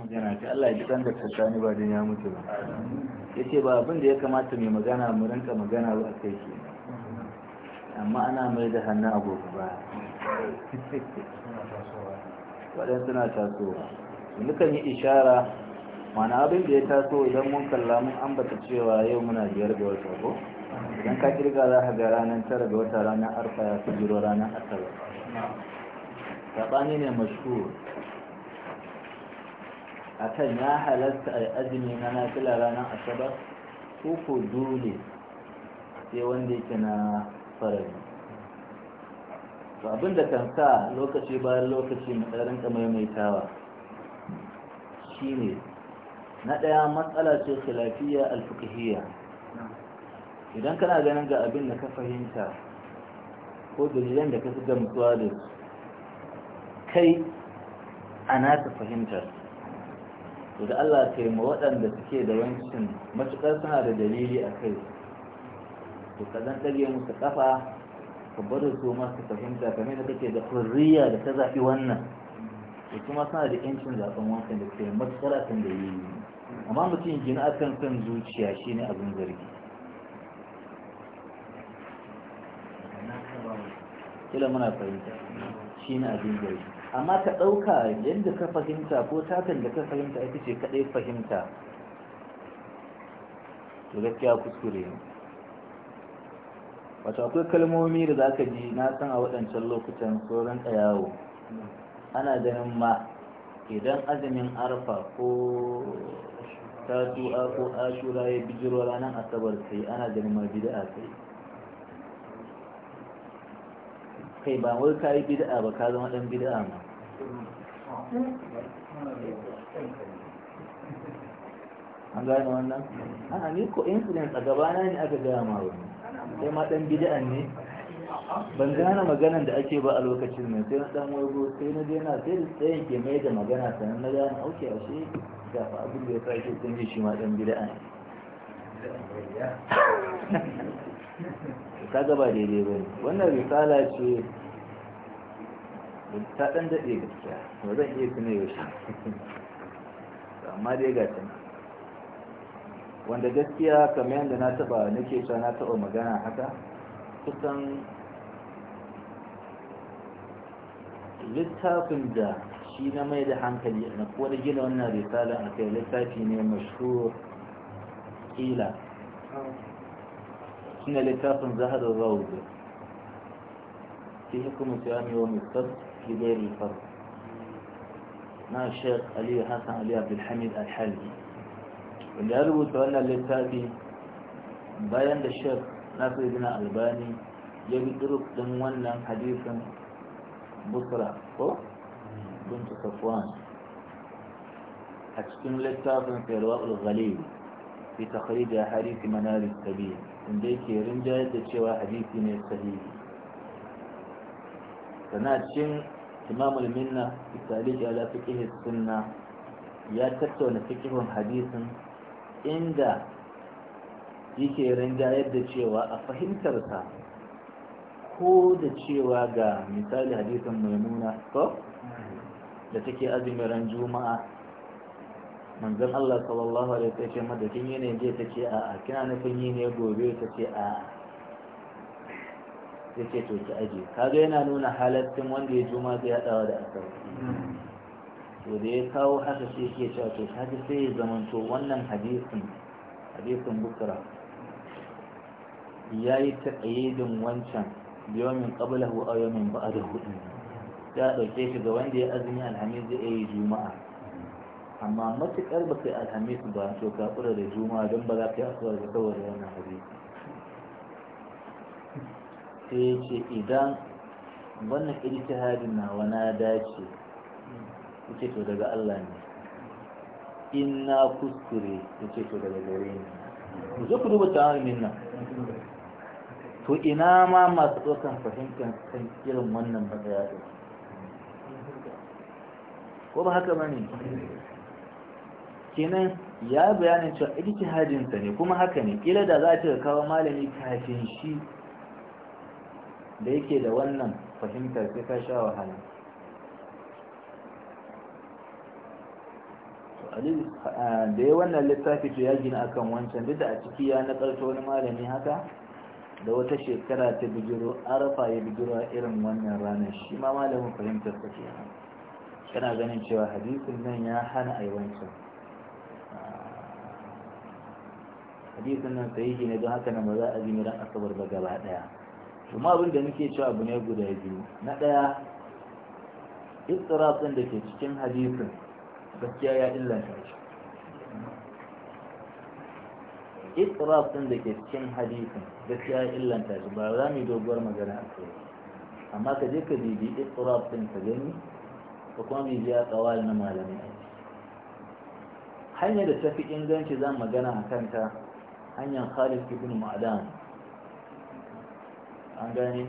magana ta, Allah ya ji kan da tsakani ba dan ya mutu ba yace ba abin da ya kamata mai magana mu rinka magana ba kai ke amma ana mai da hannu gobe ba waɗansu suna tasowa nukan yi ishara mana abin da ya taso idan mun kalla mun ambata cewa yau muna biyar ga wata ko idan ka kirga za ka ga ranar tara ga wata ranar arfa ya fi jiro ranar asabar saɓani ne mashhur akan ya halarta a azumi na nafila ranar asabar ko ko dole sai wanda yake na farari to abin da kan sa lokaci bayan lokaci mai ɗarin maimaitawa shine na ɗaya matsala ce lafiya alfuqhiyya idan kana ganin ga abin da ka fahimta ko dalilan da ka fi gamsuwa da kai a ka fahimtar da Allah ta yi waɗanda suke da wancin matuƙar suna da dalili a kai to ka zan ɗage musu ƙafa ka bar su masu fahimta kamar da kake da furriya da ta zaɓi wannan to kuma suna da ƴancin zaɓen wancan da ke matuƙar akan dalili amma mutum gina akan kan zuciya shine abin zargi kila muna fahimta shine abin zargi amma ka ɗauka yadda ka fahimta ko satan da ka fahimta ita ce kaɗai fahimta to gaskiya kuskure ne wato akwai kalmomi da za ka ji na san a waɗancan lokutan sauran ɗayawo? ana ganin ma idan azumin arfa ko tatu'a ko ashura ya bijiro ranar asabar sai ana ganin ma bida sai kai ba wai ka yi bid'a ba ka zama ɗan bid'a ma an gane wannan a ni ko influence a gabana ne aka gaya ma wani sai ma ɗan bid'a ne ban gane maganan da ake ba a lokacin mai sai na ɗan wago sai na je sai da tsayin ke mai da magana sannan na gane auke a shi fa abin da ya sa ke shi ma ɗan bid'a ne kaga ba daidai ba ne wannan risala ce ta ɗan daɗe gaskiya ba zan iya tuna yaushe amma dai ga wanda gaskiya kamar yadda na taɓa nake sa na taɓa magana haka kusan littafin da shi na mai da hankali na gina wannan risala a kai littafi ne mashhur kila oh. هنا لتاق زهر الروضه في حكم تيام يوم السبت في دير الفرد مع الشيخ علي حسن علي عبد الحميد الحلبي واللي أربو تولى لتاقي بيان للشيخ ناصر بن ألباني يبي ترك دموان لن حديثا بصرة بنت صفوان أتكلم لتاقن في الواقع الغليل في تخريج أحاديث منار السبيل inda yake rinjayar da cewa hadisi ne sahihi sana cin imamul minna minna ya ala fiqh sunna ya tattauna fiqhun hadisin inda yake rinjayar da cewa a fahimtarsa ko da cewa ga misali hadisin maimuna ko da take azumin ran juma'a manzon Allah sallallahu alaihi wasallam ce mata kin yi ne je ta ce a'a kina nufin yi ne gobe ta ce a'a ya ce to ki aje kaga yana nuna halattun wanda ya juma zai hadawa da asar to da ya kawo haka sai yake cewa to kaji sai ya zamanto wannan hadisin hadisin bukra ya yi taƙayyidin wancan biyomin ƙablahu a yomin ba'adahu ɗin ya ɗauke shi ga wanda ya azumi alhamis zai iya yi juma'a amma matuƙar ba kai alhamis ba to ka kura da juma'a don ba za ka yi asuwar da saboda wannan hadisi sai ce idan wannan ijtihadin nawa na dace ce to daga Allah ne in na kuskure ce to daga gare ne ku zo ku duba min nan to ina ma masu tsokan fahimtar kan irin wannan matsaya ko ba haka ba ne kenan ya bayanin cewa ijtihadin sa ne kuma haka ne kila da za ta kawo malami kafin shi da yake da wannan fahimtar sai ka sha wahala da ya wannan littafi to ya gina akan wancan duk da a ciki ya nakalta wani malami haka da wata shekara ta bijiro arafa ya bijiro a irin wannan ranar shi ma malamin fahimtar sa kenan kana ganin cewa hadisin nan ya hana a yi wancan hadisin nan sahihi ne don haka na ba za a ji ran asabar ba gaba daya kuma abin da nake cewa abu ne guda biyu na daya istirafin da ke cikin hadisin gaskiya ya illanta shi istirafin da ke cikin hadisin gaskiya ya illanta shi ba za mu doguwar magana a kai amma ka je ka bibi istirafin ka gani ka kuma bibi biya tsawal na malamai hanyar da tafi inganci zan magana a kanta hanyar khalif ibn ma'adan an gane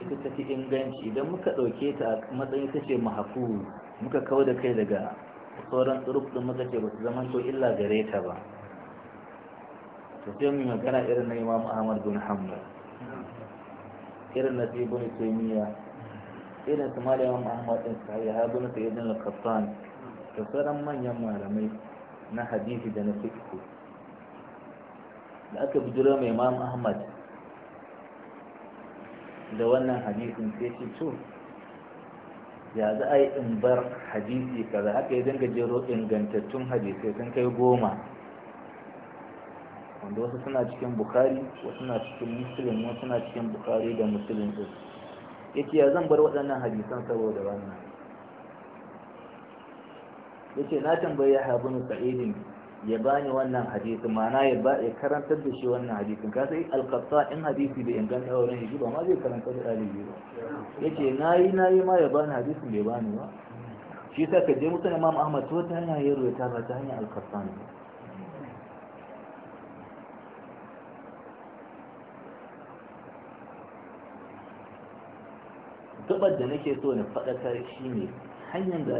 ita ta fi inganci idan muka ɗauke ta a matsayin ta ce mahafu muka kawo da kai daga sauran tsuruk ɗin muka ce ba su zama to illa gare ta ba to sai mu magana irin na imam ahmad bin hanbal irin na sai bin taymiya irin su imam ahmad bin sahih ha bin sayyidin al-qattan da sauran manyan malamai na hadisi da na fiqh da aka bidura mai imam ahmad da wannan hadisin sai ce to ya za a yi in bar hadisi kaza haka ya dinga jero ingantattun hadisai sun kai goma wanda wasu suna cikin bukari wasu suna cikin musulun wasu suna cikin bukari da musulun din ya ce ya zan bar waɗannan hadisan saboda wannan ya ce na tambayi ya habu ni sa'idin ya bani wannan hadisin ma'ana ya ba ya karantar da shi wannan hadisin ka sai alqatta in hadisi bai inganta wurin shi ba ma zai karanta da dalibi ba yace nayi nayi ma ya bani hadisin bai bani ba shi sa ka je mutane Imam Ahmad to ta hanya ya ruwaita ba ta hanya alqatta ne gabar da nake so na faɗakar shi ne hanyar da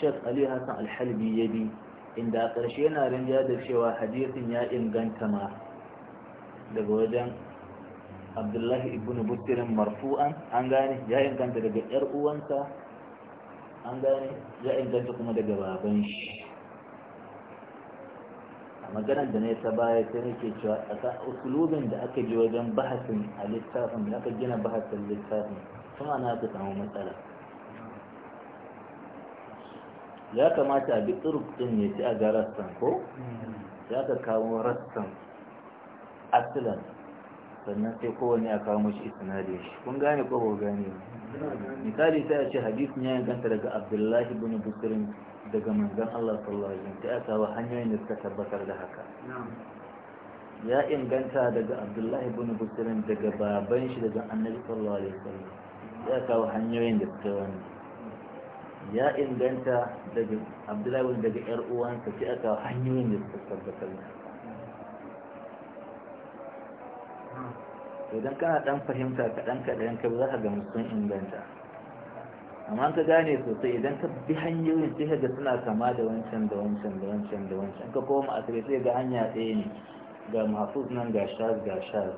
Sheikh Ali Hassan Al-Halbi ya bi inda a ƙarshe yana rinja da cewa hadisin ya inganta ma daga wajen abdullahi ibn buttirin marfu'an an gane ya inganta daga yar uwansa an gane ya inganta kuma daga baban shi a maganar da ne ta baya sai nake cewa a usulubin da aka ji wajen bahasin a littafin da aka gina bahasin littafin kuma na ka samu matsala ya kamata a bi turuk din ne sai a ga rastan ko ya ka kawo rastan asilan sannan sai kowane a kawo mashi isnadin shi kun gane ko ba gane misali sai a ce hadisin ya yankanta daga abdullahi bin bukirin daga manzan Allah sallallahu alaihi wasallam a kawo hanyoyin da suka tabbatar da haka ya inganta daga abdullahi bin bukirin daga baban shi daga annabi sallallahu alaihi wasallam ya a kawo hanyoyin da suka wani ya inganta daga abdullahi daga yar uwansa sai aka hanyoyin da suka tabbatar to idan kana dan fahimta ka dan ka za ka ga sun inganta amma ka gane sosai idan ka bi hanyoyin sai ka ga suna kama da wancan da wancan da wancan da wancan ka koma a sai sai ga hanya ɗaya ne ga mahfuz nan ga shaz ga shaz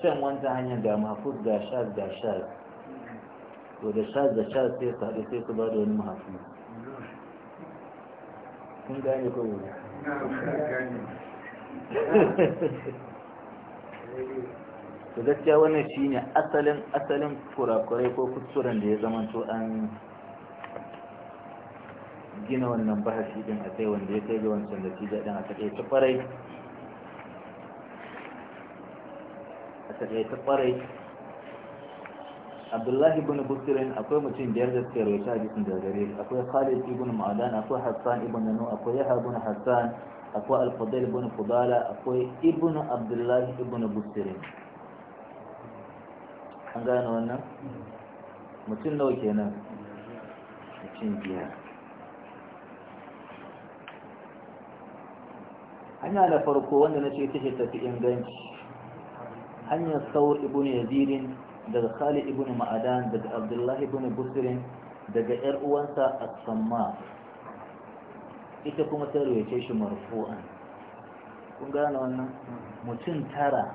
shan wancan hanyar ga mahfuz ga shaz ga shaz to da sha da sha sai ta da sai su ba da wani mahafi kun gane ko wani to gaskiya wannan shine asalin asalin kurakurai ko kusuran da ya zama to an gina wannan bahashi din a kai wanda ya kai ga wancan da shi din a takaice kwarai a takaice kwarai abdullahi ibn bukirin akwai mutum biyar da suka rawaita hadisin daga gare akwai khalid ibn ma'adan akwai hassan ibn nanu akwai yahya ibn hassan akwai al-fadl ibn fudala akwai ibn abdullahi ibn bukirin an gane wannan mutum nawa kenan mutum biyar hanya da farko wanda na ce ta tafi inganci hanyar saur ibn yazirin daga Khalid ibn Ma'adan daga Abdullah ibn Busrin daga ƴar uwansa As-Samma ita kuma ta rawaye shi marfu'an kun gane wannan mutum tara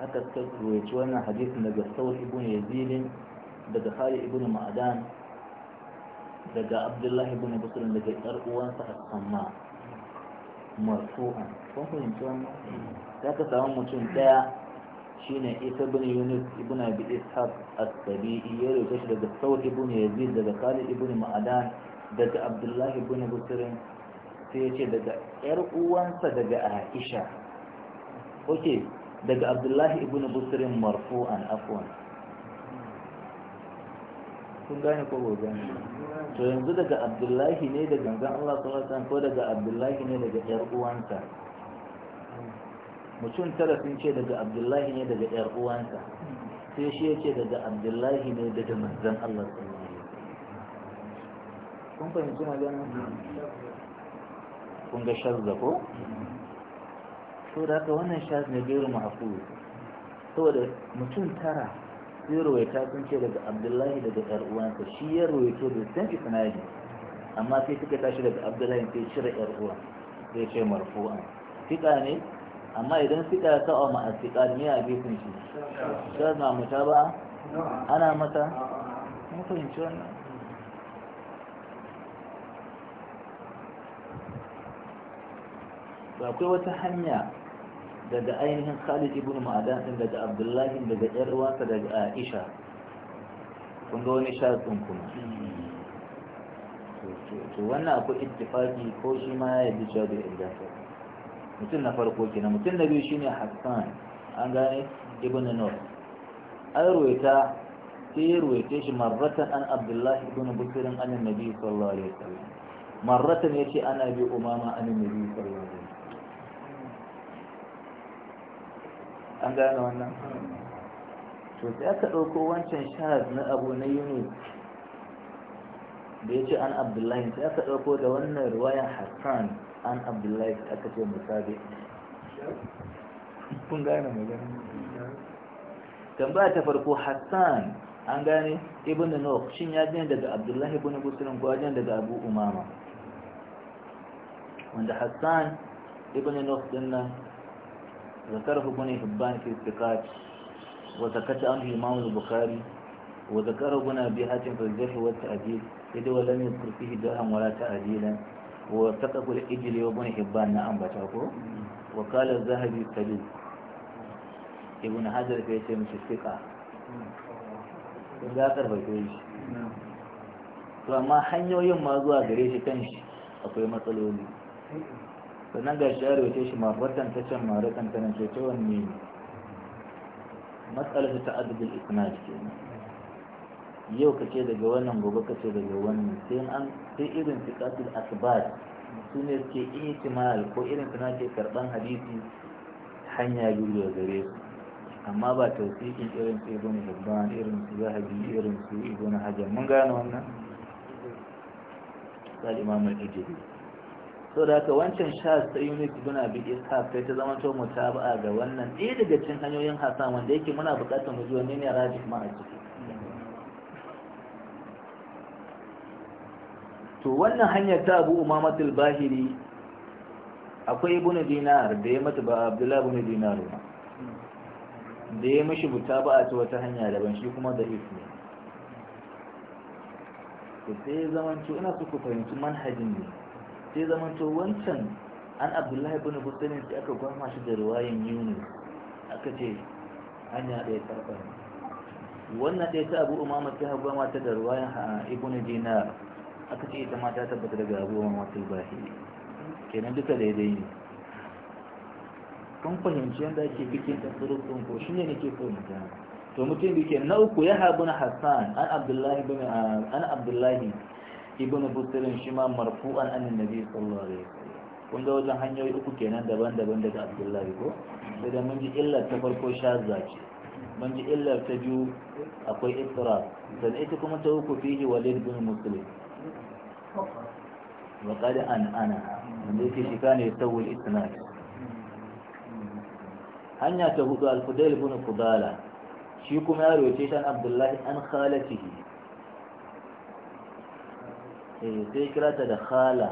aka ta rawaye wannan hadisin daga Saul ibn Yazid daga Khalid ibn Ma'adan daga Abdullah ibn Busrin daga ƴar uwansa As-Samma marfu'an kun fahimci wannan za ka samu mutum ɗaya shine isa bin yunus ibn abi ishaq as-sabi'i ya rubuta shi daga sawr ibn yazid daga khalid ibn ma'adan daga abdullahi ibn busrin sai ya ce daga yar uwansa daga aisha oke daga abdullahi ibn busrin marfu'an afwan kun gane ko gobe to yanzu daga abdullahi ne daga gangan Allah sallallahu alaihi wasallam ko daga abdullahi ne daga yar uwansa mutum tara sun ce daga abdullahi ne daga yar uwansa sai shi ce daga abdullahi ne daga manzan Allah sallallahu alaihi wasallam kun fahimci magana kun ga shazza ko to da haka wannan shaz ne gairu ma'qul saboda mutum tara sai ruwaita sun ce daga abdullahi daga yar uwansa shi ya ruwaito da san isnadi amma sai suka tashi daga abdullahi sai cire yar uwa sai ce marfu'an Kika ne amma idan suka ya kawo ma asiƙa ne a gefen shi ta na muta ba ana mata mafahimci wannan ba akwai wata hanya daga ainihin khalid ibn ma'adan din daga abdullahi daga yan ruwansa daga aisha kun ga wani sha kuma to wannan akwai ittifaki ko shi ma ya bi cewa da inganta mutum na farko kenan mutum na biyu shine hassan an gane ibn nur an ruwaita sai ya ruwaita shi marratan an abdullahi ibn bukirin an nabi sallallahu alaihi wasallam marratan yace an abi umama an nabi sallallahu alaihi wasallam an gane wannan to sai aka ɗauko wancan shahad na abu na yunus da ya ce an abdullahi sai aka ɗauko da wannan ruwayan hassan an abdullahi aka ce musabi kun gane magana tambaya ta farko hassan an gane ibn nuh shin ya jin daga abdullahi ibn busrin ko jin daga abu umama wanda hassan ibn nuh din nan zakarahu ibn hibban fi istiqat wa zakata an imam al-bukhari wa zakarahu guna abi hatim fi al-jarh wa at-ta'dil idan wani yadhkur fihi dirham ta ta'dilan wa saqaqul وابن حبان نعم بتاكو na الذهبي ko ابن حجر في zahabi kadu ibn ce ga karbato to amma hanyoyin ma zuwa gare shi kan shi akwai matsaloli sannan ga shi arewa ce shi mafarkan ta can ce ta adadin yau ka daga wannan gobe ka daga wannan sai an sai irin fiqatul asbat su ne suke ihtimal ko irin suna ke karban hadisi hanya biyu da gare su amma ba tausikin irin su ibn hibban irin su zahabi irin su ibn hajar mun gane wannan sai imam al-ijri so da haka wancan sha sai unit ibn abi ishaq sai ta zama to mutaba'a ga wannan ɗaya daga cikin hanyoyin hasan wanda yake muna buƙatar mu ji wanne ne rajih rajin a ciki to wannan hanyar ta abu umamatul bahiri akwai ibn dinar da ya mata ba abdullahi ibn dinar ba da ya mishi buta ba a ci wata hanya daban shi kuma da ne to sai to ina so ku fahimci manhajin ne sai to wancan an abdullahi ibn bustamin sai aka gwama shi da ruwayin yuni aka ce hanya ɗaya karɓar wannan ɗaya ta abu umama ta gwama ta da ruwayan ah, ibn dinar aka ce ita ma ta tabbata daga abubuwan wata bahi kenan duka daidai ne kun fahimci yadda ake bikin tasirin ko shi ne nake fahimta to mutum ke na uku ya habu na hassan an abdullahi ibn an abdullahi ibn busirin shi ma marfu'an an annabi sallallahu alaihi wasallam kun ga wajen hanyoyi uku kenan daban-daban daga abdullahi ko sai da mun ji illar ta farko sha zaki mun ji illar ta biyu akwai isra sannan ita kuma ta uku fihi walid bin muslim وقال أن أنا ليس شكان يسوي الإثنان أنا يتهد الفضيل بن فضالة شيكم يا رويتيش عن عبد الله أن خالته تذكرة إيه، دخالة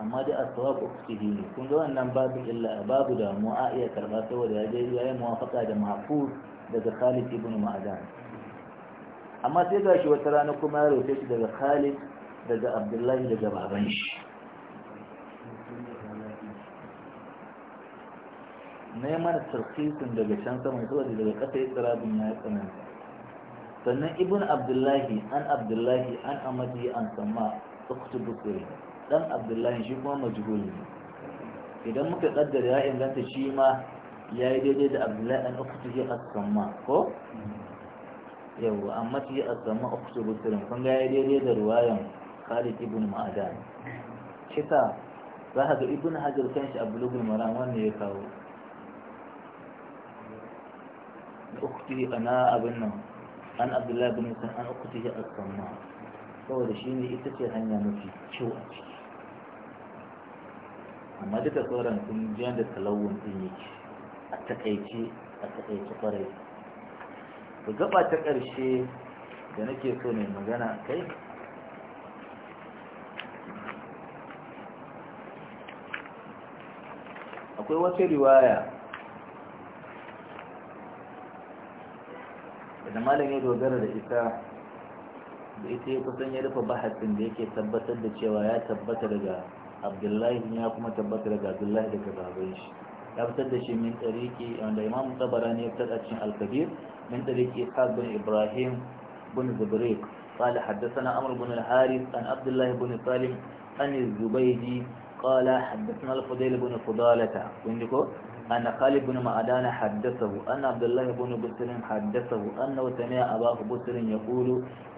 أما دي أصواب أخته كنت أنا باب إلا أباب دا مؤائية كرغاته ودي أجل يأي موافقة دا معفوظ دا دخالة ابن معدان أما تذكرة شوترانكم يا رويتيش دا دخالة daga abdullahi daga baban shi neman tarkisin daga can sama saboda daga ƙasa ya tsira bin ya tsananta sannan ibn abdullahi an abdullahi an amadi an sama tsakutu bukuri dan abdullahi shi kuma majhuli ne idan muka kaddara ya inganta shi ma ya yi daidai da abdullahi an ukhtu hi as-samma ko mm-hmm. yawa amma shi as-samma ukhtu bukuri kun ga ya daidai da ruwayan Khalid ibn Ma'adan shi ta za ka ga ibn Hajar kanshi a bulugul maram wannan ya kawo ukti ana abin nan an Abdullahi bin Musa an ukti ya asamma saboda shi ne ita ce hanya mafi kyau a ciki amma duka sauran sun ji da talawun din yake a takaice a takaice kwarai gaba ta ƙarshe da nake so ne magana kai akwai wata riwaya da malam ya dogara da ita da ita ya kusan ya rufe bahasin da yake tabbatar da cewa ya tabbata daga abdullahi ya kuma tabbata daga abdullahi daga baban shi ya fitar da shi min tsariki wanda imam tabara ne ya fitar a cikin alkabir min tariki ishaq bin ibrahim bin zubrik قال حدثنا عمرو بن الحارث عن عبد الله بن صالح عن الزبيدي قال حدثنا الفضيل بن فضالة وندكو أن خالد بن معدان حدثه أن عبد الله بن بسر حدثه أنه سمع أباه بسر يقول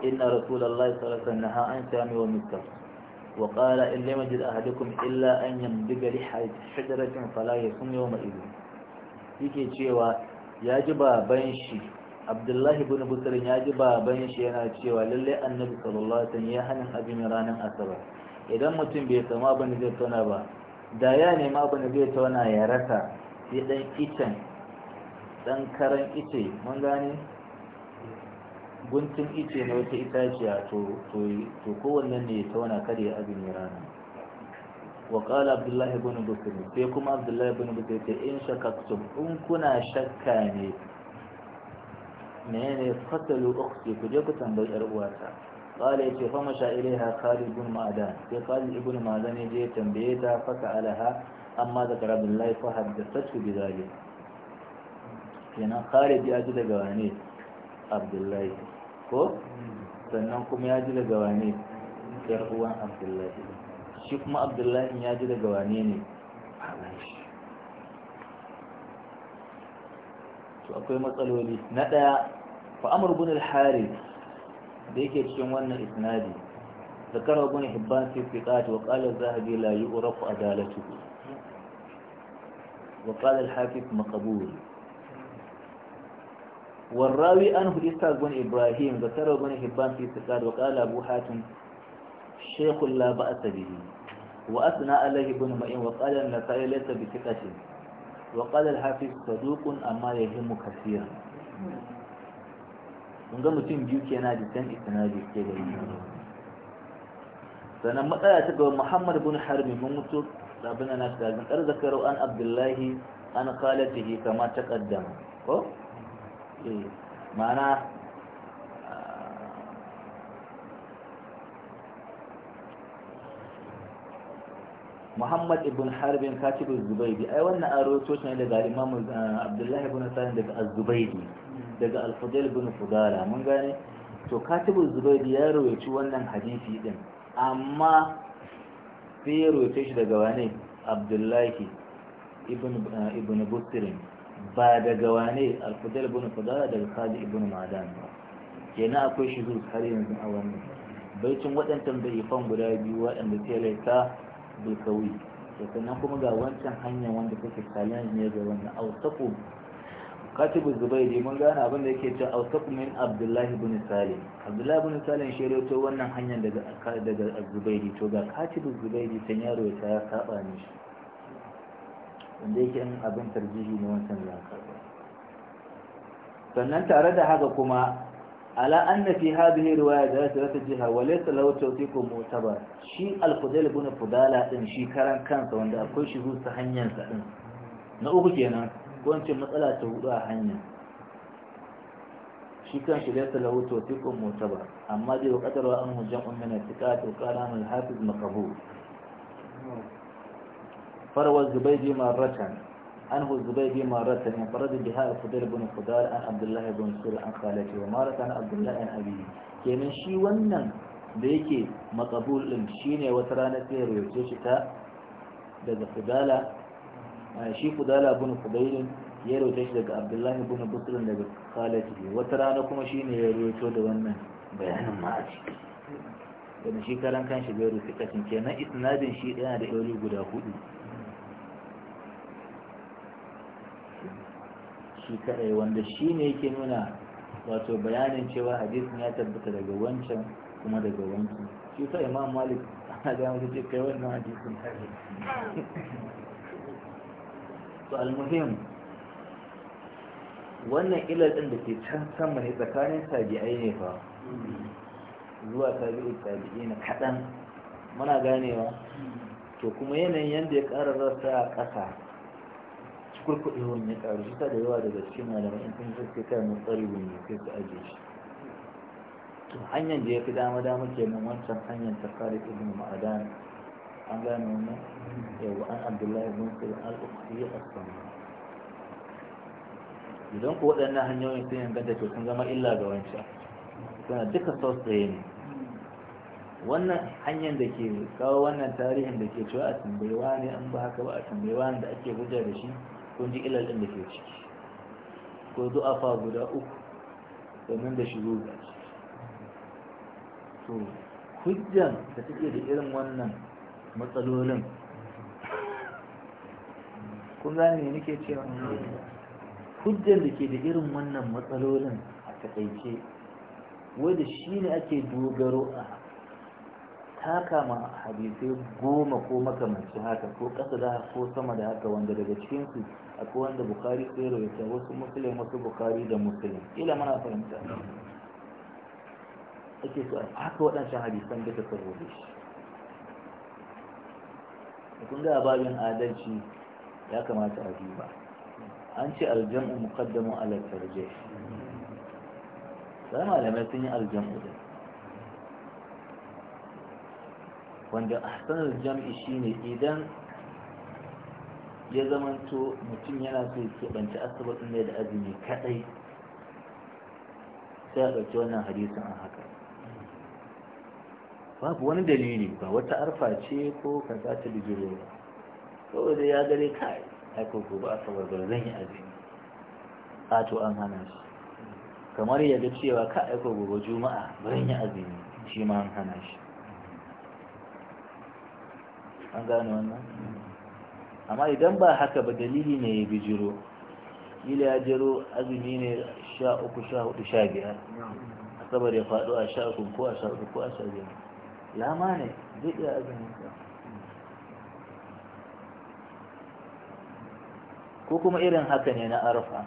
إن رسول الله صلى الله عليه وسلم نهى عن شام ومسكر وقال إن لم يجد أحدكم إلا أن يمدق لحجرة فلا يصوم يومئذ yake cewa ya ji baban shi abdullahi bin busirin ya ji baban shi yana cewa lalle annabi sallallahu alaihi wasallam ya hanin abin ranar asabar idan mutum bai samu abin da zai tona ba da ya nema abin da zai tona ya rasa sai dan icen dan karan ice mun gane guntun ice na wata itaciya to kowannen ne ya tauna kada ya azumi rana wa qala abdullah ibn bukr sai kuma abdullah ibn bukr ta ce in shakaktum in kuna shakka ne menene fatalu ukhti ku je ku tambayi yar uwata قال يتي فمشى إليها خالد بن معدان في خالد بن معدان جي تنبيتها فسألها أما ذكر عبد الله فحدثته بذلك kenan khalid ya ji daga wane abdullahi ko sannan kuma ya ji daga wane yar uwan abdullahi shi kuma abdullahi ya ji daga wane ne akwai matsaloli na ɗaya fa amr ibn da yake cikin wannan isnadi ذكر ابن حبان في الثقات وقال الذهبي لا يؤرف عدالته وقال الحافظ مقبول والراوي أنه إسحاق بن إبراهيم ذكر ابن حبان في الثقات وقال أبو حاتم شيخ لا بأس به وأثنى عليه بن معين وقال النسائي ليس بثقة وقال الحافظ صدوق أما يهم كثيرا kun ga mutum biyu ke na jikin istinadi ke da yi sannan matsala ta gaba muhammad bin harbi mun mutu sabina na ta zan kar zakarau an abdullahi an khalatihi kama ta ƙaddama ko eh, ma'ana Muhammad ibn Harbin katibin Zubaidi ai wannan an rawaito shi daga Imam eh, abdullahi ibn Sa'id daga zubaidi daga al bin fudala mun gane to katibu zubair ya rawaci wannan hadisi din amma sai ya rawace shi daga wane abdullahi ibn eh, ibn ba daga wane al bin fudala daga kaji ibn ma'dan ba kenan akwai shi zuwa har yanzu a wannan baitin waɗancan da'ifan guda biyu waɗanda sai laita bulkawi sannan kuma ga wancan hanyar wanda take challenge ne ga wannan autaku katibu zubairi mun gane abin da yake cewa ausaq min abdullahi ibn salim abdullahi ibn salim shi to wannan hanyar daga daga zubairi to ga katibu zubairi san yaro ya ta saba ne shi wanda yake in abin tarjihi ne wancan za ka sannan tare da haka kuma ala anna fi hadhihi riwaya da ta jiha wa laysa lahu tawfiqun mu'tabar shi al-fudayl ibn fudala din shi karan kansa wanda akwai shi zuwa hanyar sa din na uku kenan wance matsala ta hudu a hanya shi kan shi laysa lahu tawfiqun mutabar amma dai wa qadara an hujjan min al wa qala al hafiz maqbul farwa zubaydi marratan عنه الزبيدي مرة انفرد بها الفضيل بن فضال عن عبد الله بن سور عن an ومرة wa عبد الله عن أبيه kenan shi wannan da yake makabul din shine wata rana sai ya rubuce shi ta daga fidala shi kudala bin fudailin ya rawaita shi daga abdullahi bin bukurin daga ne wata rana kuma shi ne ya rawaito da wannan bayanin ma a ciki wanda shi karan kan shi bai rufe kacin kenan isnadin shi yana da yauri guda hudu shi kadai wanda shi ne yake nuna wato bayanin cewa hadisin ya tabbata daga wancan kuma daga wancan shi sa imam malik ana ga mutu ce kai wannan hadisin to almuhim wannan ilar ɗin da ke can sama ne tsakanin tabi'ai ne fa zuwa tabi'i tabi'i na kaɗan muna ganewa to kuma yanayin yadda ya ƙara rasa a ƙasa kurkuɗewar ya ƙaru shi ta da yawa daga cikin malamai in sun sai kai mu tsari wani sai su ajiye shi to hanyar da ya fi dama dama nan wancan hanyar ta kare ibn an gane wannan yau an abdullahi bin sul al-ukhti as-sunni idan ku waɗannan hanyoyin sun yanga da to sun zama illa ga wancan suna duka sau tsaye ne wannan hanyar da ke kawo wannan tarihin da ke cewa a tambayewa ne an ba haka ba a tambayewa da ake guja da shi kun ji ɗin da ke ciki ko zuwa fa guda uku sannan da shigo ga to hujjan da take da irin wannan matsalolin kun gane ne nake cewa hujjar da ke da irin wannan matsalolin a takaice wanda shi ne ake dogaro a taka ma hadisai goma ko makamancin haka ko ƙasa da ko sama da haka wanda daga cikinsu akwai wanda bukari sai rawaita wasu musulun wasu bukari da musulun ila mana fahimta ake so a haka waɗancan hadisan da ta shi kun ga babin adalci ya kamata a duba an ce aljam'u muqaddamu ala tarjih sai malamai sun yi aljam'u da wanda ahsanul jam'i shine idan ya zamanto mutum yana so ya keɓanci asibitin ya da azumi kaɗai sai a ɗauki wannan hadisin an haka babu wani dalili ba wata arfa ce ko ka za ta bijiro ba saboda ya gare kai aiko gobe a sabarbar zan yi azumi a to an hana shi kamar ya ga cewa ka aiko gobe juma'a zan yi azumi shi ma an hana shi an gane wannan amma idan ba haka ba dalili ne ya bijiro ila ya jero azumi ne sha uku sha hudu sha biyar saboda ya faɗo a sha uku ko a sha uku ko a sha biyar lama ne zai iya azumin ka ko kuma irin haka ne na arfa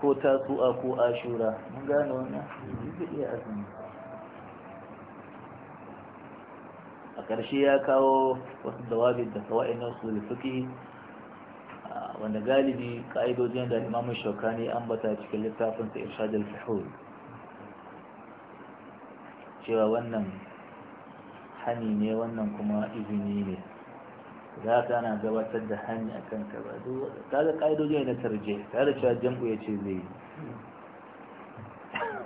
ko tasu'a ko ashura mun gane wannan zai iya azumin a ƙarshe ya kawo wasu dawabi da kawai na su fiƙi wanda galibi ka'idojin da imamun shokani bata cikin littafinsa irshadul fahimta cewa wannan hani ne wannan kuma izini ne za ka na gabatar da hani a kan ba. ta da ƙa'idoji na tarje ta da cewa jam'u ya ce zai yi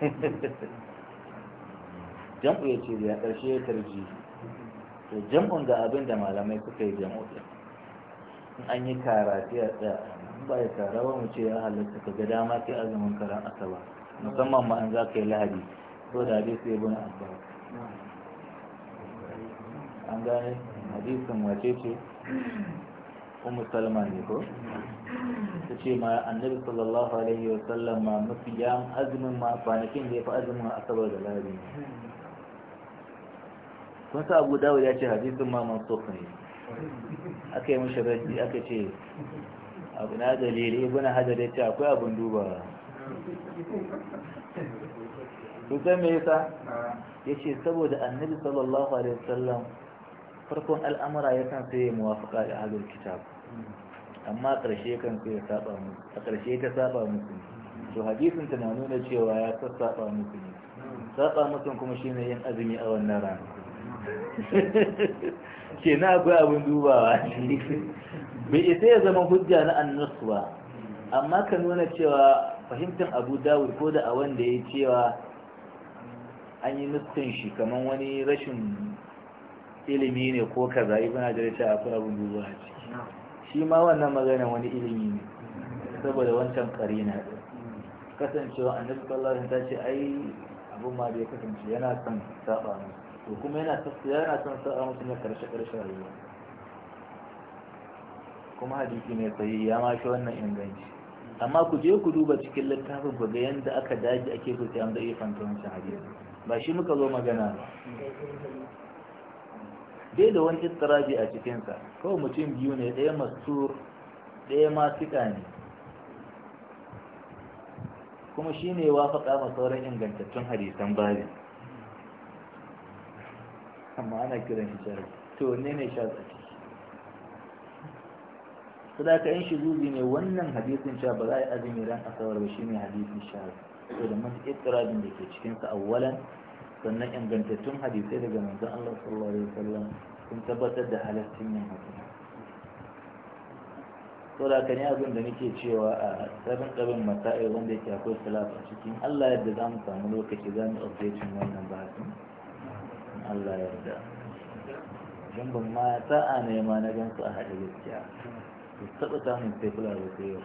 jam'u ya ce zai a ƙarshe ya tarji to jam'un ga abin da malamai suka yi jam'u ɗin in an yi kara sai a tsaya ba ya tara ba mu ce ya halatta ka ga dama kai azumin karan asaba musamman ma an za ka yi lahadi Ko da hadisi ibn abbas an gane hadisin wace ce ummu salma ne ko ta ce ma annabi sallallahu alaihi wa sallam ma mafi ya azumin ma kwanakin da ya fi azumin asabar da lari kun sa abu dawud ya ce hadisin ma mansuf ne aka yi mashi raji aka ce abu na dalili ibn hajar ya ce akwai abin duba kun san me yasa ah. yace saboda annabi sallallahu alaihi wasallam farkon al'amura san sai ya muwafaqa da ahlul kitab hmm. amma karshe kan sai ya saba mu a ƙarshe ta saba musu to hadisin tana nuna cewa ya saba musu ne hmm. saba musu kuma shine yin azumi a wannan rana hmm. ke na akwai abin dubawa bai isa ya zama hujja na annasu ba amma ka nuna cewa fahimtar abu dawud ko da a wanda ya cewa an yi nufin shi kamar wani rashin ilimi ne ko kaza ibn hajar ce akwai abin dubu a ciki shi ma wannan magana wani ilimi ne saboda wancan na da. kasancewa a nufin alaihi ta ce ai abin ma da ya kasance yana son saba mu to kuma yana son yana son saba musu ne karshe karshe rayuwa kuma hadisi ne sahihi ya ma shi wannan inganci amma ku je ku duba cikin littafin ku ga yanda aka daji ake kusa sai an iya fanta wancan hadisi ba shi muka zo magana ba dai da wani istirabi a cikinsa kawai mutum biyu ne ɗaya mastur ɗaya masika ne kuma shi ne wafaƙa ma sauran ingantattun hadisan bari amma ana kiran shi shari to ne ne sha tsaki sadaka in shi zuzi ne wannan hadisin sha ba za a yi azumi ran asawar ba shi ne hadisin shari saboda masu istirabin da ke cikinsa awwalan sannan ingantattun hadisai daga manzon Allah sallallahu alaihi wasallam sun tabbatar da halaccin yin haka saboda kan yi abin da nake cewa a sabon ɗabin masa'ir wanda yake akwai salaf a cikin Allah yadda za mu samu lokaci za mu updating wannan bahasin Allah yarda don ban ma sa'a ne ma na gan su a haɗe gaskiya taɓa samun sai kula da sai yau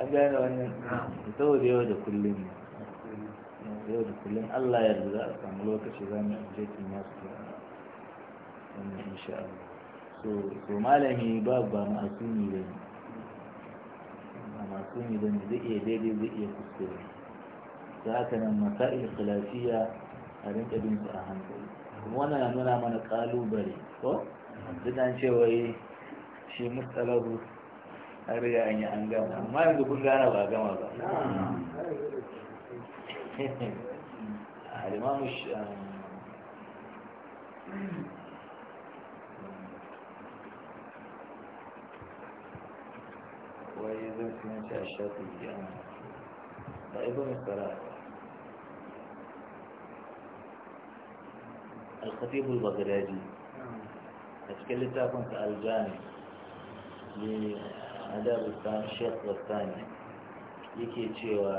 an gane wannan saboda yau da kullum yau da kullum Allah ya za a samu lokaci za mu je kimiyya su wannan insha Allah so so malami ba ba ma'asumi bane ba ma'asumi bane zai iya daidai zai iya kuskure هكذا المسائل الخلافية هلين تبين تأهم بي وانا لنونا من قالوا بري صح؟ بدان شيء وي شيء مسألة بس أرجع أن يأنجم ما يبدو كل أنا بأجم هذا نعم ما مش وإذا كنت أشتاك بجانب فإذا مستراح alkhatibul bagdadi a cikin littafin sa aljami ne adab shekh wasani yake cewa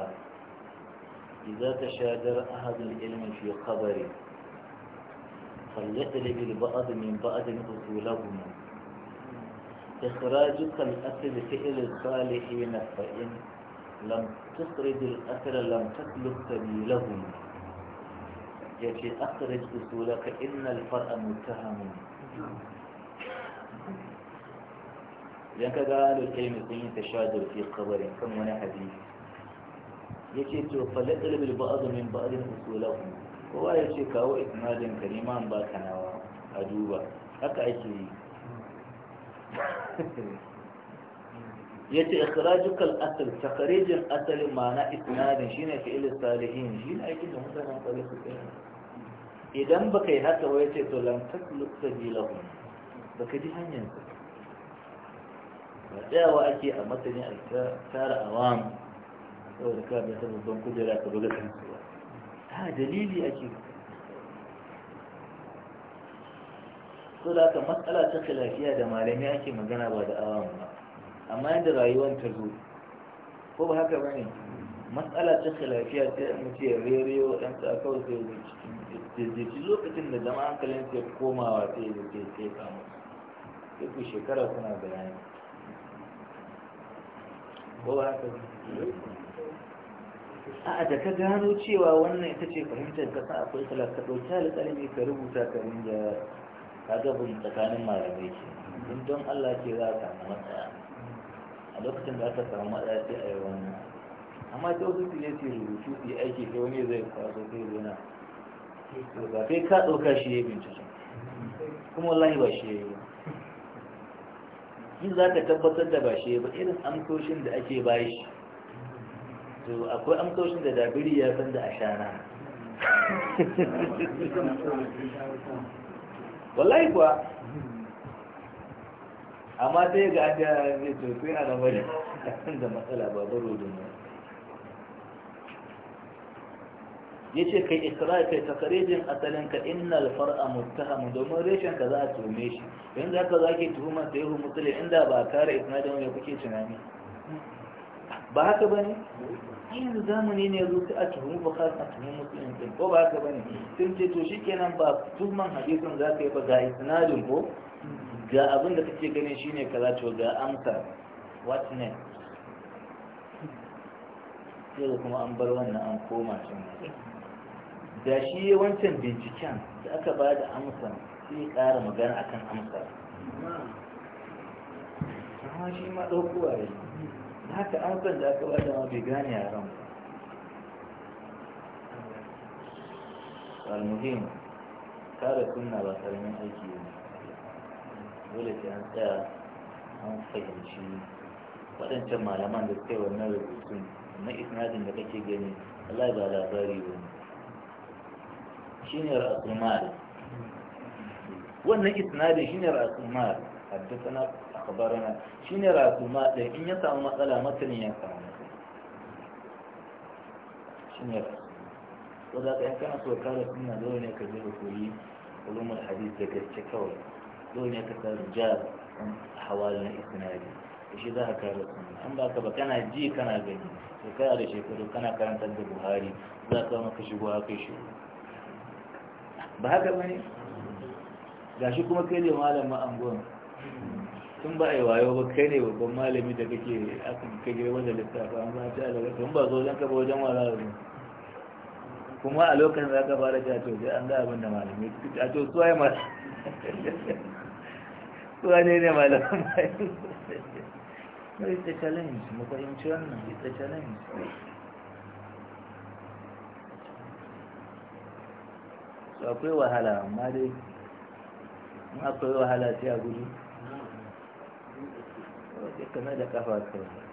idza tashadar ahadul ilmi fi qabri فليطلب البعض من بعض أصولهم إخراجك الأثر فعل الصالحين فإن لم تخرج الأثر لم تسلك سبيلهم يا شيخ أخرج أصولك إن الفرأة متهم لأنك قال الكلمة الثانية تشادر في قبر كم من حديث يا شيخ فلتلب البعض من بعض أصوله هو يا شيخ هو إتماد كريم عن بعض كنوا أدوبة يا شيخ إخراجك الأصل تخريج الأصل معنى إتماد شين في إلى الصالحين شين أكيد هم مثلا طريق الكلمة idan baka yi haka wai ce to lan takluk ba baka ji hanyar ba wa ake a matsayin a tara awam saboda da kawai ta babban kujera ta buga kansu ba ta dalili ake so da haka matsala ta kalafiya da malami ake magana ba da awam ba amma yadda rayuwar ta zo ko ba haka ba ne matsala ta khilafiya ta yi mutu ya rere wa ɗan sa ta sai jirgin lokacin da jama'a hankalin sai komawa sai ya ta yi samu duk ku shekara kuna bayani ko ba haka a'a da ka gano cewa wannan ita ce fahimtar ka a akwai kala ka ɗauki ne ka rubuta ka rinja ka gabin tsakanin malamai ke don don Allah ce za a samu matsaya a lokacin da aka samu matsaya sai a yi wannan amma sai wasu su je rubutu su yi aiki ta wani zai kwaso ta yi zina ba kai ka ɗauka shi ya bincike kuma wallahi ba shi ya yi ba za ka tabbatar da ba shi ya ba irin amsoshin da ake bayi shi to akwai amsoshin da dabiri ya san da ashana wallahi kuwa amma sai ga aka zai to a rabar da matsala ba baro da ya ce kai isra'i kai takarijin asalin ka innal far'a muttahamu domin reshen ka za a tuhume shi yanzu za ka zaki tuhuma sai hu mutsuli inda ba kare isnadin wani kuke tunani ba haka ba ne yanzu zamani ne zo sai a tuhumi bukar a tuhumi musulun din ko ba haka ba ne sun ce to shi kenan ba tuhuman hadisin za ka yi ba ga isnadin ko ga abin da kake ganin shine kaza to ga amsa what next sai kuma an bar wannan an koma can da shi wancan binciken da aka ba da amsa sai ƙara magana akan amsa amma shi ma ɗaukowa ya yi haka amsan da aka ba da ma bai gane yaran ba almuhim kare kunna ba karamin aiki ne dole sai an tsaya an fahimci waɗancan malaman da suka yi wannan rubutun na isnadin da kake gani Allah ba labari ba ne شنر أقمار وأن إثنال شنر أقمار حدثنا أخبارنا شنر أقمار لكن يطع مثلا متن يطع شنر وذات إن كان سوكارة كنا دوني كبير كوي علوم الحديث ذكر الشكاوي دوني كتاب جاب حوالنا إثنال إيش ذا هكذا كنا أم باك بكنا جي كنا بني سوكارة شكرا كنا كانت البخاري ذات ما كشبوها كشبوها ba haka bane shi kuma kai ne malamin anguwan tun ba a yi wayo ba kai ne babban malami da kake aka kage wanda littafi an zama ta alaƙa tun ba zo zan ka ba wajen wala da kuma a lokacin za ka fara ta sai an ga abin da malami ta to suwa ai ma su ne ne malamin mai ta challenge mu fahimci wannan ita challenge akwai wahala amma dai akwai wahala sai a gudu wajen na da kafa kawai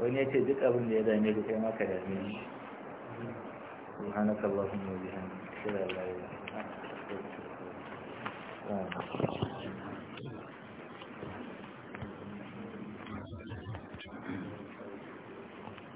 wani ya ce duk abin da ya dame ka kai maka dame ni سبحانك اللهم وبحمدك لا اله الا